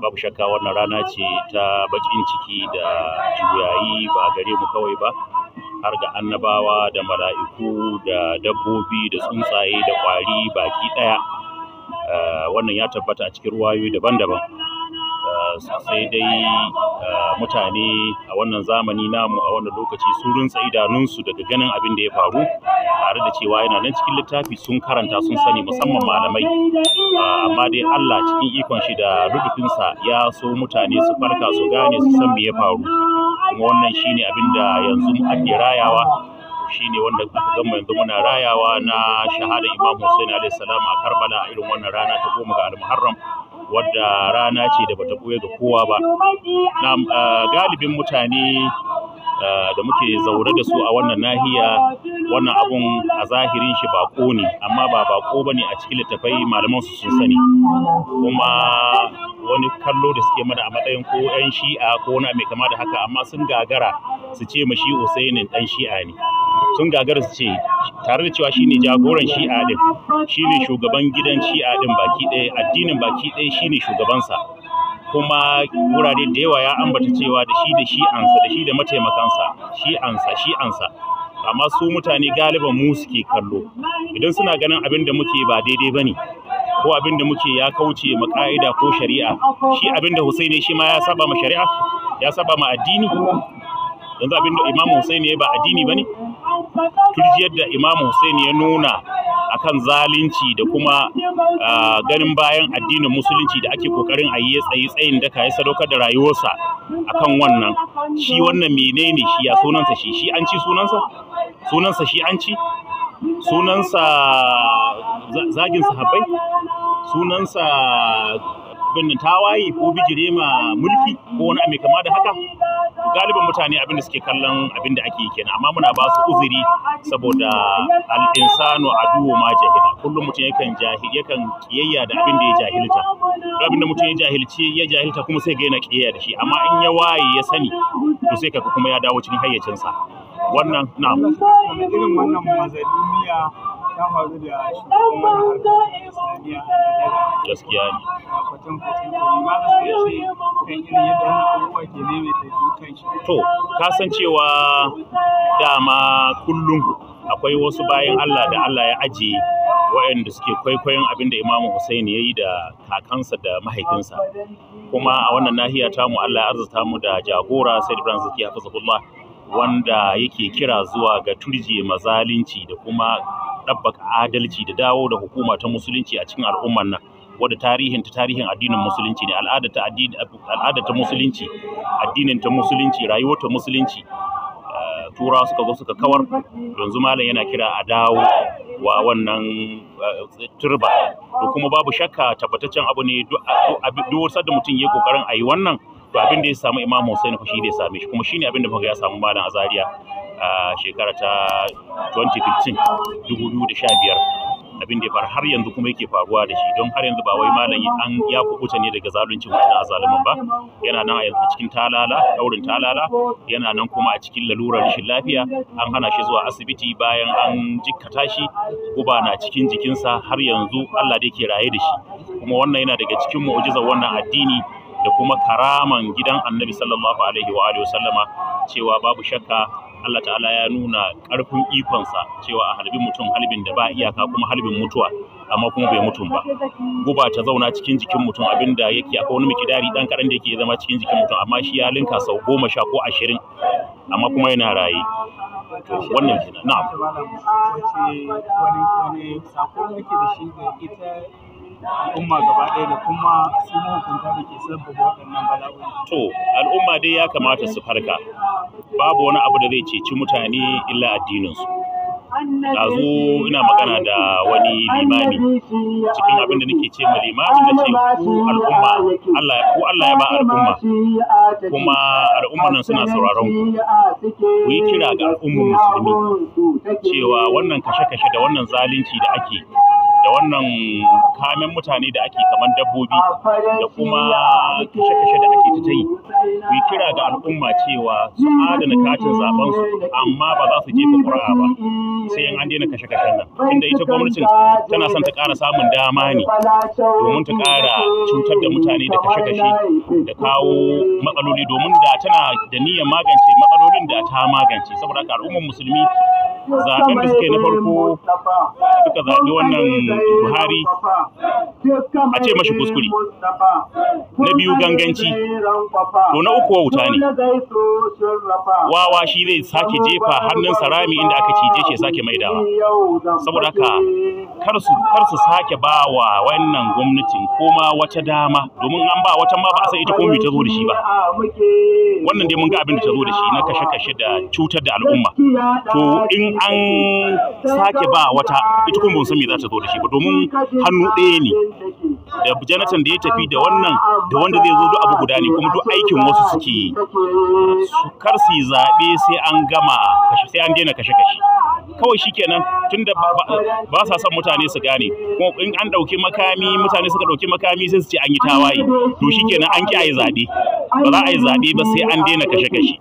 babu shakka wannan rana ce ta bakin ciki da juyayi ba gare mu kawai ba har ga annabawa da mala'iku da dabbobi da tsuntsaye da kwari baki ɗaya eh, wannan ya tabbata a cikin ruwayoyi daban-daban sai dai eh, mutane a wannan zamani namu a wannan lokaci sun rinsa idanunsu daga ganin abin da ya faru tare da cewa yana nan cikin littafi sun karanta sun sani musamman malamai ah, amma dai Allah cikin ikon shi da rubutunsa ya so mutane su farka su gane su san me ya faru kuma wannan shine abin da yanzu ake rayawa shine wanda aka gama yanzu muna rayawa na shahada Imam Hussein alaihi salam a Karbala a irin wannan rana ta goma ga almuharram wadda rana ce da bata ɓoye ga kowa ba ah, galibin mutane ah, da muke zaure da su a wannan nahiya wannan abun a zahirin shi bako ne amma ba bako ne a cikin littafai malaman su sun sani kuma wani kallo da suke mana a matsayin ko yan shi'a ko wani mai kama da haka amma sun gagara su ce shi Usainin dan shi'a ne sun gagara su ce tare da cewa shine jagoran shi'a din shine shugaban gidan shi'a din baki ɗaya addinin baki ɗaya shine shugabansa kuma wurare da yawa ya ambata cewa da shi da shi'ansa da shi da mataimakansa shi'ansa shi'ansa amma su mutane galiban mu suke kallo idan suna ganin abin da muke ba daidai bane ko abin da muke ya kauce ma ka'ida ko shari'a shi abin da Husaini shi ma ya saba ma shari'a ya saba ma addini yanzu abin da Imam Husaini ya ba addini bane turjiyar da Imam Hussein ya nuna akan zalunci da kuma ganin bayan addinin musulunci da ake kokarin a yi tsayi tsayin ka yi sadaukar da rayuwarsa akan wannan shi wannan menene shi ya sunansa shi shi an ci sunansa sunansa shi an ci sunansa zagin sahabbai sunansa abin tawaye ko bijire ma mulki ko wani abu kama da haka to galibin mutane abin da suke kallon abin da ake yi kenan amma muna ba su uzuri saboda al-insanu aduwwu ma jahila kullum mutum yakan jahil yakan kiyayya da abin da ya jahilta duk abin da mutum ya jahilci ya jahilta kuma sai ga yana kiyayya da shi amma in ya waye ya sani to sai ka kuma ya dawo cikin hayyacinsa wannan na irin wannan mazalimiya ta faru da gaskiya ne kan To, kasancewa dama kullum akwai wasu bayan Allah da Allah ya ajiye waɗanda suke kwaikwayon abin da Imam Hussein ya yi da kakansa da mahaifinsa. Kuma a wannan nahiya tamu Allah ya arzuta mu da jagora Said Ibrahim Zaki wanda yake kira zuwa ga turje mazalinci da kuma ɗabbaka adalci da dawo da hukuma ta musulunci a cikin al'ummar nan. wadda tarihin ta tarihin addinin musulunci ne al'ada ta musulunci addinin ta musulunci rayuwar ta musulunci eh, turawa suka zo suka kawar yanzu malam yana kira a dawo wa wannan eh, turba to kuma babu shakka tabbataccen abu ne duk wasu da mutum ya kokarin a yi wannan to abin da ya samu imam Hussein fa shi da ya same shi kuma shine abin da muka ya samu malam Azariya a eh, shekara ta 2015 2015 abin da har yanzu kuma yake faruwa da shi don har yanzu ba wai malam an ya kubuta ne daga zaluncin wani azalumin ba yana nan a cikin talala daurin talala yana nan kuma a cikin lalurar rashin lafiya an hana shi zuwa asibiti bayan an jikkata shi guba na cikin jikinsa har yanzu Allah dai ke raye da shi kuma wannan yana daga cikin mu'jizar wannan addini da kuma karaman gidan annabi sallallahu alaihi wa alihi wasallama cewa babu shakka Allah ta'ala ya nuna ƙarfin ikonsa cewa a harbi mutum halbin da ba iyaka kuma halbin mutuwa amma kuma bai mutum ba guba ta zauna cikin jikin mutum abinda yake akwai wani mikidari dan karan da yake zama cikin jikin mutum amma shi ya linka sau goma sha ko ashirin amma kuma yana raye wannan kenan na'am wani wani sako yake da shi ga ita al'umma gaba ɗaya da kuma su mahukunta da ke sabbaba waɗannan bala'o'i. To, al'umma dai ya kamata su farka. Babu wani abu da zai ceci mutane illa addininsu. Ɗazu ina magana da wani limami cikin abin da nake ce ma limamin da ce ku al'umma Allah ku Allah ya ba al'umma kuma al'umman nan suna sauraron ku ku yi kira ga al'ummar musulmi cewa wannan kashe-kashe da wannan zalunci da ake da wannan kamen mutane da ake kamar dabbobi da kuma kashe-kashe da ake ta yi ku kira ga al'umma cewa su adana katin zaben su amma ba za su jefa ƙuri'a ba sai in an daina kashe-kashen nan inda ita gwamnatin tana son ta ƙara samun dama ne domin ta ƙara cutar da mutane da kashe-kashe da kawo matsaloli domin da tana da niyyar magance matsalolin da ta magance saboda haka al'ummar musulmi zaben da suke na farko suka zaɓi wannan buhari a ce mashi kuskure na biyu ganganci to na uku wuta ne wawa shi zai sake jefa hannun sarami inda aka cije shi sake maidawa saboda haka kar su sake ba wa wannan gwamnatin koma wata dama domin an ba wata ma ba a san ita komai ta zo da shi ba wannan dai mun ga abin da ta zo da shi na kashe-kashe da cutar da al'umma to in an sake ba wata ita kuma ban san me za ta zo da shi ba domin hannu ɗaya ne da janatan da ya tafi da wannan da wanda zai zo duk abu guda ne kuma duk aikin wasu suke su kar su zaɓe sai an gama sai an daina kashe kashe kawai shi tun da ba sa son mutane su gane kuma in an ɗauki makami mutane suka ɗauki makami sai su ce an yi tawaye to shi kenan an ki a yi zaɓe ba za a yi zaɓe ba sai an daina kashe kashe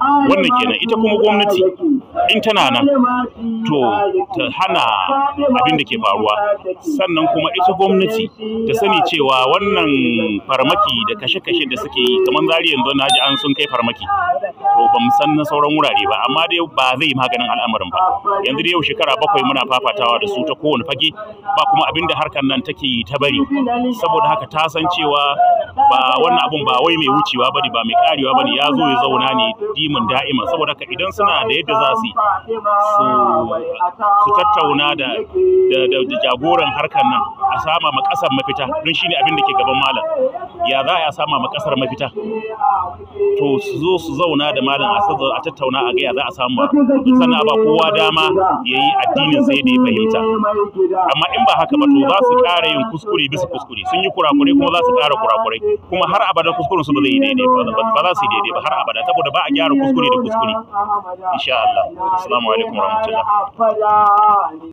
wannan kenan ita kuma gwamnati in tana nan to ta hana abin da ke faruwa sannan kuma ita gwamnati ta sani cewa wannan farmaki da kashe-kashe da suke yi kamar zari yanzu na ji an sun kai farmaki to ba san na sauran wurare ba amma dai ba zai maganin al'amarin ba yanzu da yau shekara bakwai muna fafatawa da su ta kowane fage ba kuma abin da harkar nan take yi ta bari saboda haka ta san cewa ba wannan abun ba wai mai wucewa ba ne, ba mai karewa ne, ya zo ya zauna ne dimin da'ima saboda haka idan suna da yadda za su Embassy su tattauna da jagoran harkar nan a sama ma kasar mafita don shine abin da ke gaban malam ya za a sama ma kasar mafita to su zo su zauna da malam a tattauna a ga ya za a samu sannan ba kowa dama ya yi addinin sai da fahimta amma in ba haka ba to za su ƙara yin kuskure bisa kuskure sun yi kurakurai kuma za su ƙara kurakurai kuma har abada kuskuren su ba zai yi daidai ba za su yi daidai ba har abada saboda ba a gyara kuskure da kuskure insha Allah Assalamu alaikum warahmatullahi